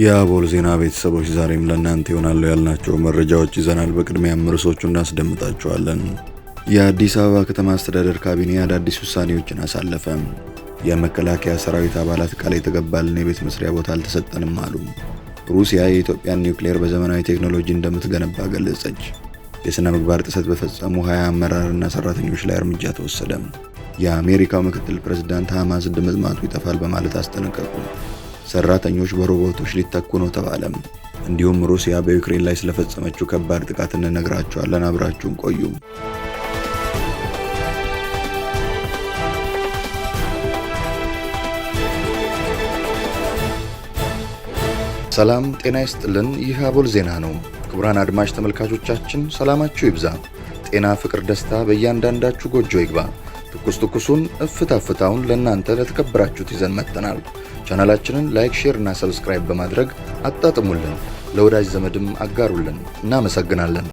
የአቦል ዜና ቤተሰቦች ዛሬም ለእናንተ ይሆናሉ ያልናቸው መረጃዎች ይዘናል። በቅድሚያም ርዕሶቹ እናስደምጣቸዋለን። የአዲስ አበባ ከተማ አስተዳደር ካቢኔ አዳዲስ ውሳኔዎችን አሳለፈ። የመከላከያ ሰራዊት አባላት ቃል የተገባልን የቤት መስሪያ ቦታ አልተሰጠንም አሉ። ሩሲያ የኢትዮጵያን ኒውክሌር በዘመናዊ ቴክኖሎጂ እንደምትገነባ ገለጸች። የሥነ ምግባር ጥሰት በፈጸሙ 20 አመራርና ሰራተኞች ላይ እርምጃ ተወሰደም። የአሜሪካው ምክትል ፕሬዝዳንት ሐማስ ድምጥማጡ ይጠፋል በማለት አስጠነቀቁ። ሰራተኞች በሮቦቶች ሊተኩ ነው ተባለም። እንዲሁም ሩሲያ በዩክሬን ላይ ስለፈጸመችው ከባድ ጥቃት እንነግራችኋለን። አብራችሁን ቆዩ። ሰላም ጤና ይስጥልን። ይህ አቦል ዜና ነው። ክቡራን አድማጭ ተመልካቾቻችን ሰላማችሁ ይብዛ፣ ጤና፣ ፍቅር፣ ደስታ በእያንዳንዳችሁ ጎጆ ይግባ። ትኩስ ትኩሱን እፍታ ፍታውን ለእናንተ ለተከበራችሁት ይዘን መጥተናል። ቻናላችንን ላይክ፣ ሼር እና ሰብስክራይብ በማድረግ አጣጥሙልን፣ ለወዳጅ ዘመድም አጋሩልን። እናመሰግናለን።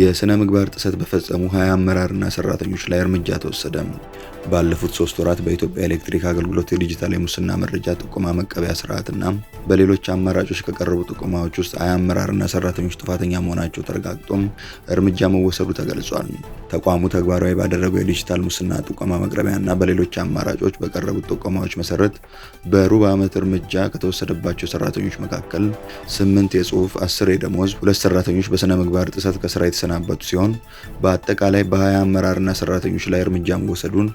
የሥነ ምግባር ጥሰት በፈጸሙ 20 አመራርና ሠራተኞች ላይ እርምጃ ተወሰደ። ባለፉት ሶስት ወራት በኢትዮጵያ ኤሌክትሪክ አገልግሎት የዲጂታል የሙስና መረጃ ጥቆማ መቀበያ ስርዓትና በሌሎች አማራጮች ከቀረቡ ጥቆማዎች ውስጥ ሀያ አመራርና ሰራተኞች ጥፋተኛ መሆናቸው ተረጋግጦም እርምጃ መወሰዱ ተገልጿል። ተቋሙ ተግባራዊ ባደረገው የዲጂታል ሙስና ጥቆማ መቅረቢያና በሌሎች አማራጮች በቀረቡት ጥቆማዎች መሰረት በሩብ ዓመት እርምጃ ከተወሰደባቸው ሰራተኞች መካከል ስምንት የጽሁፍ፣ አስር የደሞዝ፣ ሁለት ሰራተኞች በስነ ምግባር ጥሰት ከስራ የተሰናበቱ ሲሆን በአጠቃላይ በሀያ አመራርና ሰራተኞች ላይ እርምጃ መወሰዱን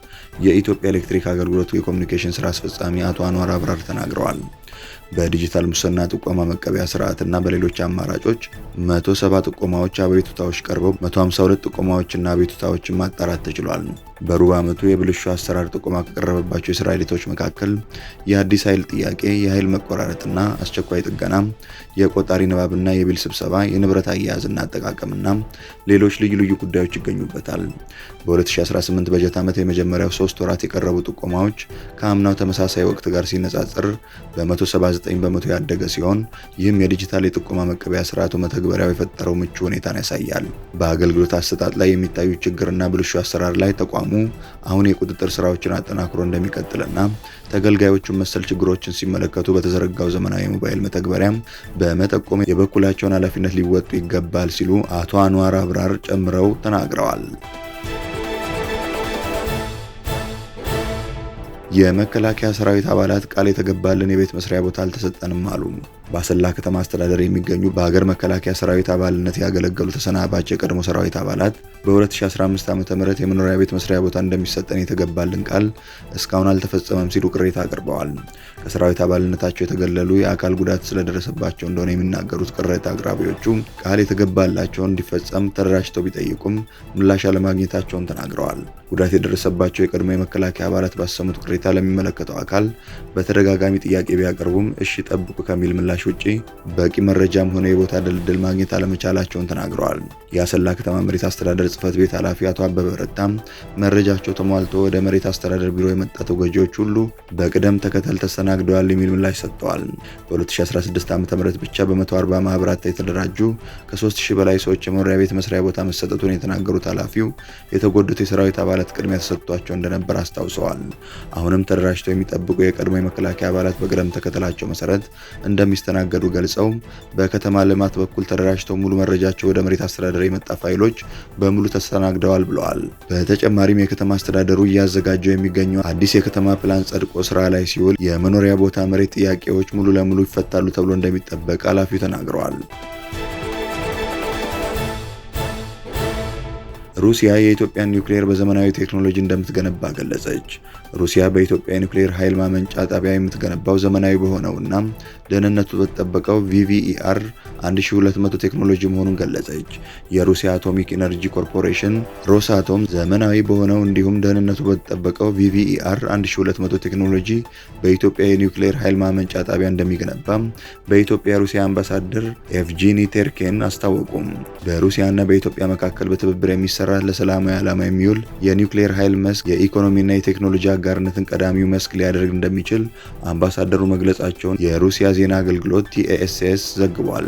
የኢትዮጵያ ኤሌክትሪክ አገልግሎት የኮሚኒኬሽን ስራ አስፈጻሚ አቶ አንዋር አብራር ተናግረዋል። በዲጂታል ሙስና ጥቆማ መቀበያ ስርዓትና በሌሎች አማራጮች 170 ጥቆማዎች አቤቱታዎች ቀርበው 152 ጥቆማዎችና አቤቱታዎችን ማጣራት ተችሏል። በሩብ ዓመቱ የብልሹ አሰራር ጥቆማ ከቀረበባቸው የስራ ሂደቶች መካከል የአዲስ ኃይል ጥያቄ፣ የኃይል መቆራረጥና አስቸኳይ ጥገና፣ የቆጣሪ ንባብና የቢል ስብሰባ፣ የንብረት አያያዝና አጠቃቀምና ሌሎች ልዩ ልዩ ጉዳዮች ይገኙበታል። በ2018 በጀት ዓመት የመጀመሪያው ሶስት ወራት የቀረቡ ጥቆማዎች ከአምናው ተመሳሳይ ወቅት ጋር ሲነጻጽር በ በ በመቶ ያደገ ሲሆን ይህም የዲጂታል የጥቆማ መቀበያ ስርዓቱ መተግበሪያው የፈጠረው ምቹ ሁኔታን ያሳያል። በአገልግሎት አሰጣጥ ላይ የሚታዩ ችግርና ብልሹ አሰራር ላይ ተቋሙ አሁን የቁጥጥር ስራዎችን አጠናክሮ እንደሚቀጥልና ተገልጋዮቹን መሰል ችግሮችን ሲመለከቱ በተዘረጋው ዘመናዊ ሞባይል መተግበሪያም በመጠቆም የበኩላቸውን ኃላፊነት ሊወጡ ይገባል ሲሉ አቶ አንዋር አብራር ጨምረው ተናግረዋል። የመከላከያ ሰራዊት አባላት ቃል የተገባልን የቤት መስሪያ ቦታ አልተሰጠንም አሉ። በአሰላ ከተማ አስተዳደር የሚገኙ በሀገር መከላከያ ሰራዊት አባልነት ያገለገሉ ተሰናባች የቀድሞ ሰራዊት አባላት በ2015 ዓ ም የመኖሪያ ቤት መስሪያ ቦታ እንደሚሰጠን የተገባልን ቃል እስካሁን አልተፈጸመም ሲሉ ቅሬታ አቅርበዋል። ከሰራዊት አባልነታቸው የተገለሉ የአካል ጉዳት ስለደረሰባቸው እንደሆነ የሚናገሩት ቅሬታ አቅራቢዎቹ ቃል የተገባላቸው እንዲፈጸም ተደራጅተው ቢጠይቁም ምላሽ አለማግኘታቸውን ተናግረዋል። ጉዳት የደረሰባቸው የቀድሞ የመከላከያ አባላት ባሰሙት ቅሬታ ለሚመለከተው አካል በተደጋጋሚ ጥያቄ ቢያቀርቡም እሺ ጠብቁ ከሚል ምላሽ ውጪ በቂ መረጃም ሆነ የቦታ ድልድል ማግኘት አለመቻላቸውን ተናግረዋል። የአሰላ ከተማ መሬት አስተዳደር ጽህፈት ቤት ኃላፊ አቶ አበበ ረታም መረጃቸው ተሟልቶ ወደ መሬት አስተዳደር ቢሮ የመጣ ተጎጂዎች ሁሉ በቅደም ተከተል ተሰና ተስተናግደዋል የሚል ምላሽ ሰጥተዋል። በ2016 ዓ ም ብቻ በ140 ማህበራት የተደራጁ ከ3000 በላይ ሰዎች የመኖሪያ ቤት መስሪያ ቦታ መሰጠቱን የተናገሩት ኃላፊው የተጎዱት የሰራዊት አባላት ቅድሚያ ተሰጥቷቸው እንደነበር አስታውሰዋል። አሁንም ተደራጅተው የሚጠብቁ የቀድሞ የመከላከያ አባላት በቅደም ተከተላቸው መሰረት እንደሚስተናገዱ ገልጸው በከተማ ልማት በኩል ተደራጅተው ሙሉ መረጃቸው ወደ መሬት አስተዳደር የመጣ ፋይሎች በሙሉ ተስተናግደዋል ብለዋል። በተጨማሪም የከተማ አስተዳደሩ እያዘጋጀው የሚገኘው አዲስ የከተማ ፕላን ጸድቆ ስራ ላይ ሲውል የመኖሪያ የመኖሪያ ቦታ መሬት ጥያቄዎች ሙሉ ለሙሉ ይፈታሉ ተብሎ እንደሚጠበቅ ኃላፊው ተናግረዋል። ሩሲያ የኢትዮጵያን ኒውክሌር በዘመናዊ ቴክኖሎጂ እንደምትገነባ ገለጸች። ሩሲያ በኢትዮጵያ የኒውክሌር ኃይል ማመንጫ ጣቢያ የምትገነባው ዘመናዊ በሆነውና ደህንነቱ በተጠበቀው ቪቪኢአር 1200 ቴክኖሎጂ መሆኑን ገለጸች። የሩሲያ አቶሚክ ኢነርጂ ኮርፖሬሽን ሮሳቶም ዘመናዊ በሆነው እንዲሁም ደህንነቱ በተጠበቀው ቪቪኢአር 1200 ቴክኖሎጂ በኢትዮጵያ የኒውክሌር ኃይል ማመንጫ ጣቢያ እንደሚገነባ በኢትዮጵያ የሩሲያ አምባሳደር ኤቭጂኒ ቴርኬን አስታወቁም። በሩሲያና በኢትዮጵያ መካከል በትብብር የሚሰራ ለሰላማዊ ዓላማ የሚውል የኒውክሌር ኃይል መስክ የኢኮኖሚና የቴክኖሎጂ አጋርነትን ቀዳሚው መስክ ሊያደርግ እንደሚችል አምባሳደሩ መግለጻቸውን የሩሲያ ዜና አገልግሎት ቲኤስኤስ ዘግቧል።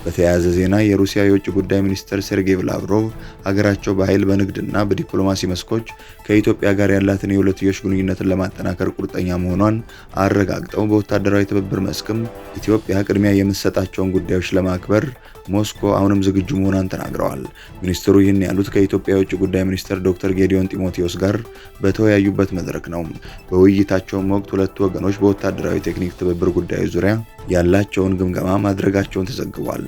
በተያያዘ ዜና የሩሲያ የውጭ ጉዳይ ሚኒስትር ሴርጌይ ላቭሮቭ ሀገራቸው በኃይል በንግድና በዲፕሎማሲ መስኮች ከኢትዮጵያ ጋር ያላትን የሁለትዮሽ ግንኙነትን ለማጠናከር ቁርጠኛ መሆኗን አረጋግጠው በወታደራዊ ትብብር መስክም ኢትዮጵያ ቅድሚያ የምትሰጣቸውን ጉዳዮች ለማክበር ሞስኮ አሁንም ዝግጁ መሆኗን ተናግረዋል። ሚኒስትሩ ይህን ያሉት ከኢትዮጵያ የውጭ ጉዳይ ሚኒስትር ዶክተር ጌዲዮን ጢሞቴዎስ ጋር በተወያዩበት መድረክ ነው። በውይይታቸውም ወቅት ሁለቱ ወገኖች በወታደራዊ ቴክኒክ ትብብር ጉዳዮች ዙሪያ ያላቸውን ግምገማ ማድረጋቸውን ተዘግቧል።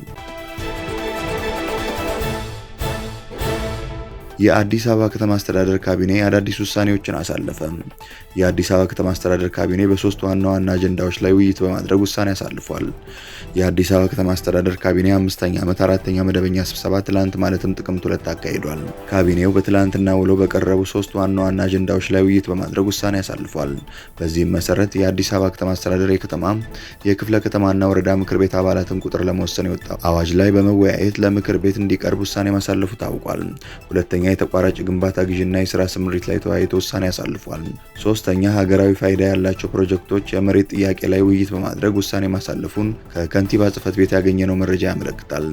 የአዲስ አበባ ከተማ አስተዳደር ካቢኔ አዳዲስ ውሳኔዎችን አሳለፈ። የአዲስ አበባ ከተማ አስተዳደር ካቢኔ በሶስት ዋና ዋና አጀንዳዎች ላይ ውይይት በማድረግ ውሳኔ አሳልፏል። የአዲስ አበባ ከተማ አስተዳደር ካቢኔ አምስተኛ ዓመት አራተኛ መደበኛ ስብሰባ ትላንት ማለትም ጥቅምት ሁለት አካሂዷል። ካቢኔው በትላንትና ውሎ በቀረቡ ሶስት ዋና ዋና አጀንዳዎች ላይ ውይይት በማድረግ ውሳኔ አሳልፏል። በዚህም መሰረት የአዲስ አበባ ከተማ አስተዳደር የከተማ የክፍለ ከተማና ወረዳ ምክር ቤት አባላትን ቁጥር ለመወሰን የወጣው አዋጅ ላይ በመወያየት ለምክር ቤት እንዲቀርብ ውሳኔ ማሳለፉ ታውቋል። ሁለተኛ ሁለተኛ የተቋራጭ ግንባታ ግዥና የስራ ስምሪት ላይ ተወያይቶ ውሳኔ ያሳልፏል። ሶስተኛ ሀገራዊ ፋይዳ ያላቸው ፕሮጀክቶች የመሬት ጥያቄ ላይ ውይይት በማድረግ ውሳኔ ማሳለፉን ከከንቲባ ጽህፈት ቤት ያገኘነው መረጃ ያመለክታል።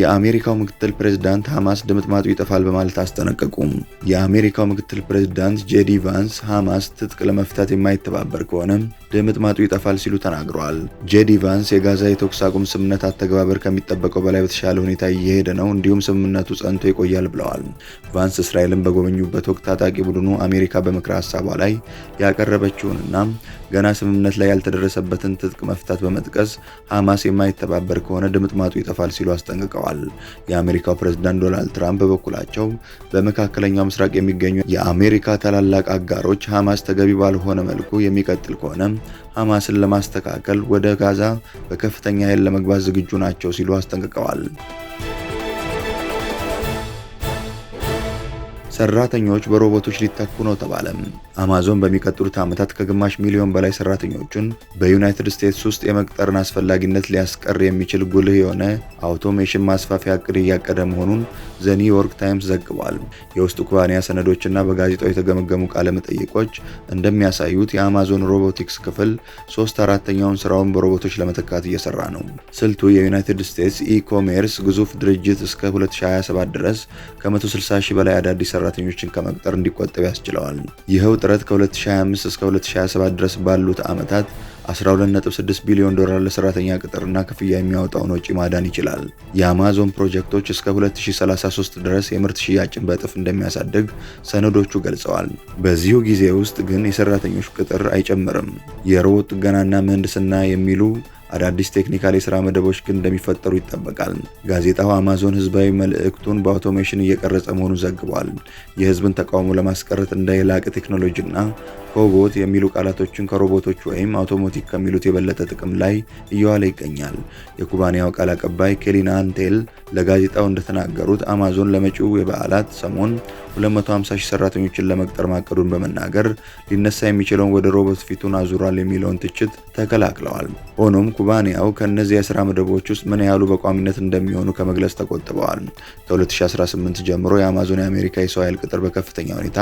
የአሜሪካው ምክትል ፕሬዝዳንት ሐማስ ድምጥማጡ ይጠፋል በማለት አስጠነቀቁም የአሜሪካው ምክትል ፕሬዝዳንት ጄዲ ቫንስ ሐማስ ትጥቅ ለመፍታት የማይተባበር ከሆነ ድምጥማጡ ይጠፋል ሲሉ ተናግረዋል። ጄዲ ቫንስ የጋዛ የተኩስ አቁም ስምምነት አተገባበር ከሚጠበቀው በላይ በተሻለ ሁኔታ እየሄደ ነው፣ እንዲሁም ስምምነቱ ጸንቶ ይቆያል ብለዋል። ቫንስ እስራኤልን በጎበኙበት ወቅት ታጣቂ ቡድኑ አሜሪካ በምክረ ሀሳቧ ላይ ያቀረበችውንና ገና ስምምነት ላይ ያልተደረሰበትን ትጥቅ መፍታት በመጥቀስ ሐማስ የማይተባበር ከሆነ ድምጥማጡ ይጠፋል ሲሉ አስጠንቅቀዋል። የአሜሪካው ፕሬዝዳንት ዶናልድ ትራምፕ በበኩላቸው በመካከለኛው ምስራቅ የሚገኙ የአሜሪካ ታላላቅ አጋሮች ሐማስ ተገቢ ባልሆነ መልኩ የሚቀጥል ከሆነ ሐማስን ለማስተካከል ወደ ጋዛ በከፍተኛ ኃይል ለመግባት ዝግጁ ናቸው ሲሉ አስጠንቅቀዋል። ሰራተኞች በሮቦቶች ሊተኩ ነው ተባለም። አማዞን በሚቀጥሉት ዓመታት ከግማሽ ሚሊዮን በላይ ሰራተኞቹን በዩናይትድ ስቴትስ ውስጥ የመቅጠርን አስፈላጊነት ሊያስቀር የሚችል ጉልህ የሆነ አውቶሜሽን ማስፋፊያ እቅድ እያቀደ መሆኑን ዘ ኒውዮርክ ታይምስ ዘግቧል። የውስጥ ኩባንያ ሰነዶችና በጋዜጣው የተገመገሙ ቃለመጠይቆች እንደሚያሳዩት የአማዞን ሮቦቲክስ ክፍል ሶስት አራተኛውን ስራውን በሮቦቶች ለመተካት እየሰራ ነው። ስልቱ የዩናይትድ ስቴትስ ኢኮሜርስ ግዙፍ ድርጅት እስከ 2027 ድረስ ከ160 ሺህ በላይ አዳዲስ ሰራተኞችን ከመቅጠር እንዲቆጠብ ያስችለዋል። ይኸው ጥረት ከ2025 እስከ 2027 ድረስ ባሉት ዓመታት 12.6 ቢሊዮን ዶላር ለሰራተኛ ቅጥርና ክፍያ የሚያወጣውን ወጪ ማዳን ይችላል። የአማዞን ፕሮጀክቶች እስከ 2033 ድረስ የምርት ሽያጭን በእጥፍ እንደሚያሳድግ ሰነዶቹ ገልጸዋል። በዚሁ ጊዜ ውስጥ ግን የሰራተኞች ቅጥር አይጨምርም። የሮቦት ጥገናና ምህንድስና የሚሉ አዳዲስ ቴክኒካል የስራ መደቦች ግን እንደሚፈጠሩ ይጠበቃል። ጋዜጣው አማዞን ህዝባዊ መልእክቱን በአውቶሜሽን እየቀረጸ መሆኑን ዘግቧል። የህዝብን ተቃውሞ ለማስቀረት እንደ የላቀ ቴክኖሎጂና ኮቦት የሚሉ ቃላቶችን ከሮቦቶች ወይም አውቶሞቲክ ከሚሉት የበለጠ ጥቅም ላይ እየዋለ ይገኛል። የኩባንያው ቃል አቀባይ ኬሊና አንቴል ለጋዜጣው እንደተናገሩት አማዞን ለመጪው የበዓላት ሰሞን 250 ሺህ ሰራተኞችን ለመቅጠር ማቀዱን በመናገር ሊነሳ የሚችለውን ወደ ሮቦት ፊቱን አዙሯል የሚለውን ትችት ተከላክለዋል። ሆኖም ኩባንያው ከእነዚህ የስራ መደቦች ውስጥ ምን ያህሉ በቋሚነት እንደሚሆኑ ከመግለጽ ተቆጥበዋል። ከ2018 ጀምሮ የአማዞን የአሜሪካ የሰው ኃይል ቅጥር በከፍተኛ ሁኔታ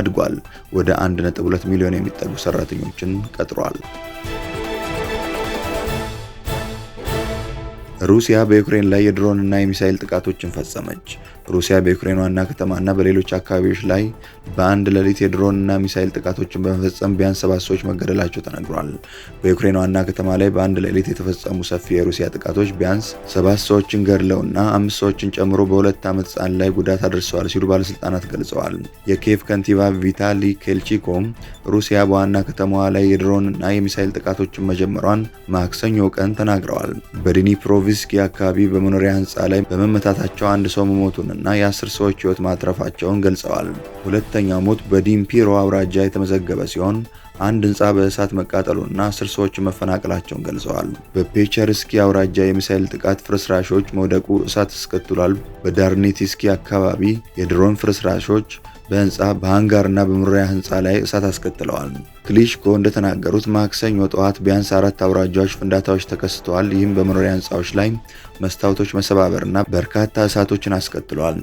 አድጓል። ወደ 1.2 ሚሊዮን የሚጠጉ ሰራተኞችን ቀጥሯል። ሩሲያ በዩክሬን ላይ የድሮንና የሚሳኤል ጥቃቶችን ፈጸመች። ሩሲያ በዩክሬን ዋና ከተማና በሌሎች አካባቢዎች ላይ በአንድ ሌሊት የድሮን ና ሚሳይል ጥቃቶችን በመፈጸም ቢያንስ ሰባት ሰዎች መገደላቸው ተነግሯል። በዩክሬን ዋና ከተማ ላይ በአንድ ሌሊት የተፈጸሙ ሰፊ የሩሲያ ጥቃቶች ቢያንስ ሰባት ሰዎችን ገድለውና አምስት ሰዎችን ጨምሮ በሁለት ዓመት ሕፃን ላይ ጉዳት አድርሰዋል ሲሉ ባለስልጣናት ገልጸዋል። የኬቭ ከንቲባ ቪታሊ ኬልቺኮም ሩሲያ በዋና ከተማዋ ላይ የድሮን የሚሳይል ጥቃቶችን መጀመሯን ማክሰኞ ቀን ተናግረዋል። በዲኒፕሮቪስኪ አካባቢ በመኖሪያ ህንፃ ላይ በመመታታቸው አንድ ሰው መሞቱን መሞታቸውንና የአስር ሰዎች ሕይወት ማትረፋቸውን ገልጸዋል። ሁለተኛው ሞት በዲምፒሮ አውራጃ የተመዘገበ ሲሆን አንድ ህንፃ በእሳት መቃጠሉና አስር ሰዎች መፈናቀላቸውን ገልጸዋል። በፔቸርስኪ አውራጃ የሚሳይል ጥቃት ፍርስራሾች መውደቁ እሳት አስከትሏል። በዳርኔቲስኪ አካባቢ የድሮን ፍርስራሾች በህንፃ በሃንጋርና በመኖሪያ ህንፃ ላይ እሳት አስከትለዋል። ክሊሽኮ እንደተናገሩት ማክሰኞ ጠዋት ቢያንስ አራት አውራጃዎች ፍንዳታዎች ተከስተዋል። ይህም በመኖሪያ ህንፃዎች ላይ መስታወቶች መሰባበርና በርካታ እሳቶችን አስቀጥሏል።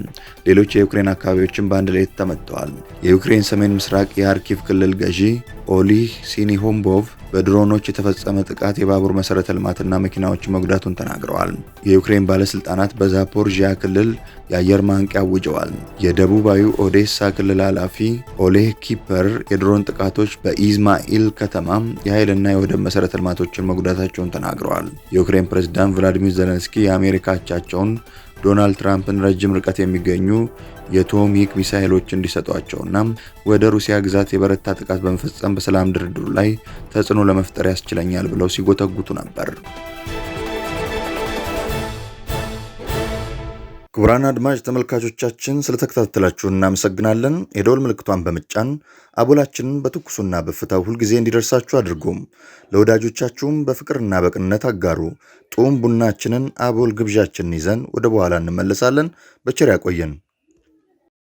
ሌሎች የዩክሬን አካባቢዎችም በአንድ ላይ ተመጥተዋል። የዩክሬን ሰሜን ምስራቅ የአርኪቭ ክልል ገዢ ኦሊህ ሲኒሆምቦቭ በድሮኖች የተፈጸመ ጥቃት የባቡር መሰረተ ልማትና መኪናዎች መጉዳቱን ተናግረዋል። የዩክሬን ባለስልጣናት በዛፖርዥያ ክልል የአየር ማንቂያ አውጀዋል። የደቡባዊ ኦዴሳ ክልል ኃላፊ ኦሌህ ኪፐር የድሮን ጥቃቶች በኢዝማኤል ከተማ የኃይልና የወደብ መሠረተ ልማቶችን መጉዳታቸውን ተናግረዋል። የዩክሬን ፕሬዝዳንት ቭላዲሚር ዜሌንስኪ የአሜሪካ አቻቸውን ዶናልድ ትራምፕን ረጅም ርቀት የሚገኙ የቶሚክ ሚሳይሎች እንዲሰጧቸውና ወደ ሩሲያ ግዛት የበረታ ጥቃት በመፈጸም በሰላም ድርድሩ ላይ ተጽዕኖ ለመፍጠር ያስችለኛል ብለው ሲጎተጉቱ ነበር። ክቡራን አድማጭ ተመልካቾቻችን ስለተከታተላችሁ እናመሰግናለን። የደወል ምልክቷን በምጫን አቦላችንን በትኩሱና በፍታው ሁልጊዜ እንዲደርሳችሁ አድርጎም ለወዳጆቻችሁም በፍቅርና በቅንነት አጋሩ። ጡም ቡናችንን አቦል ግብዣችንን ይዘን ወደ በኋላ እንመለሳለን። በቸር ያቆየን።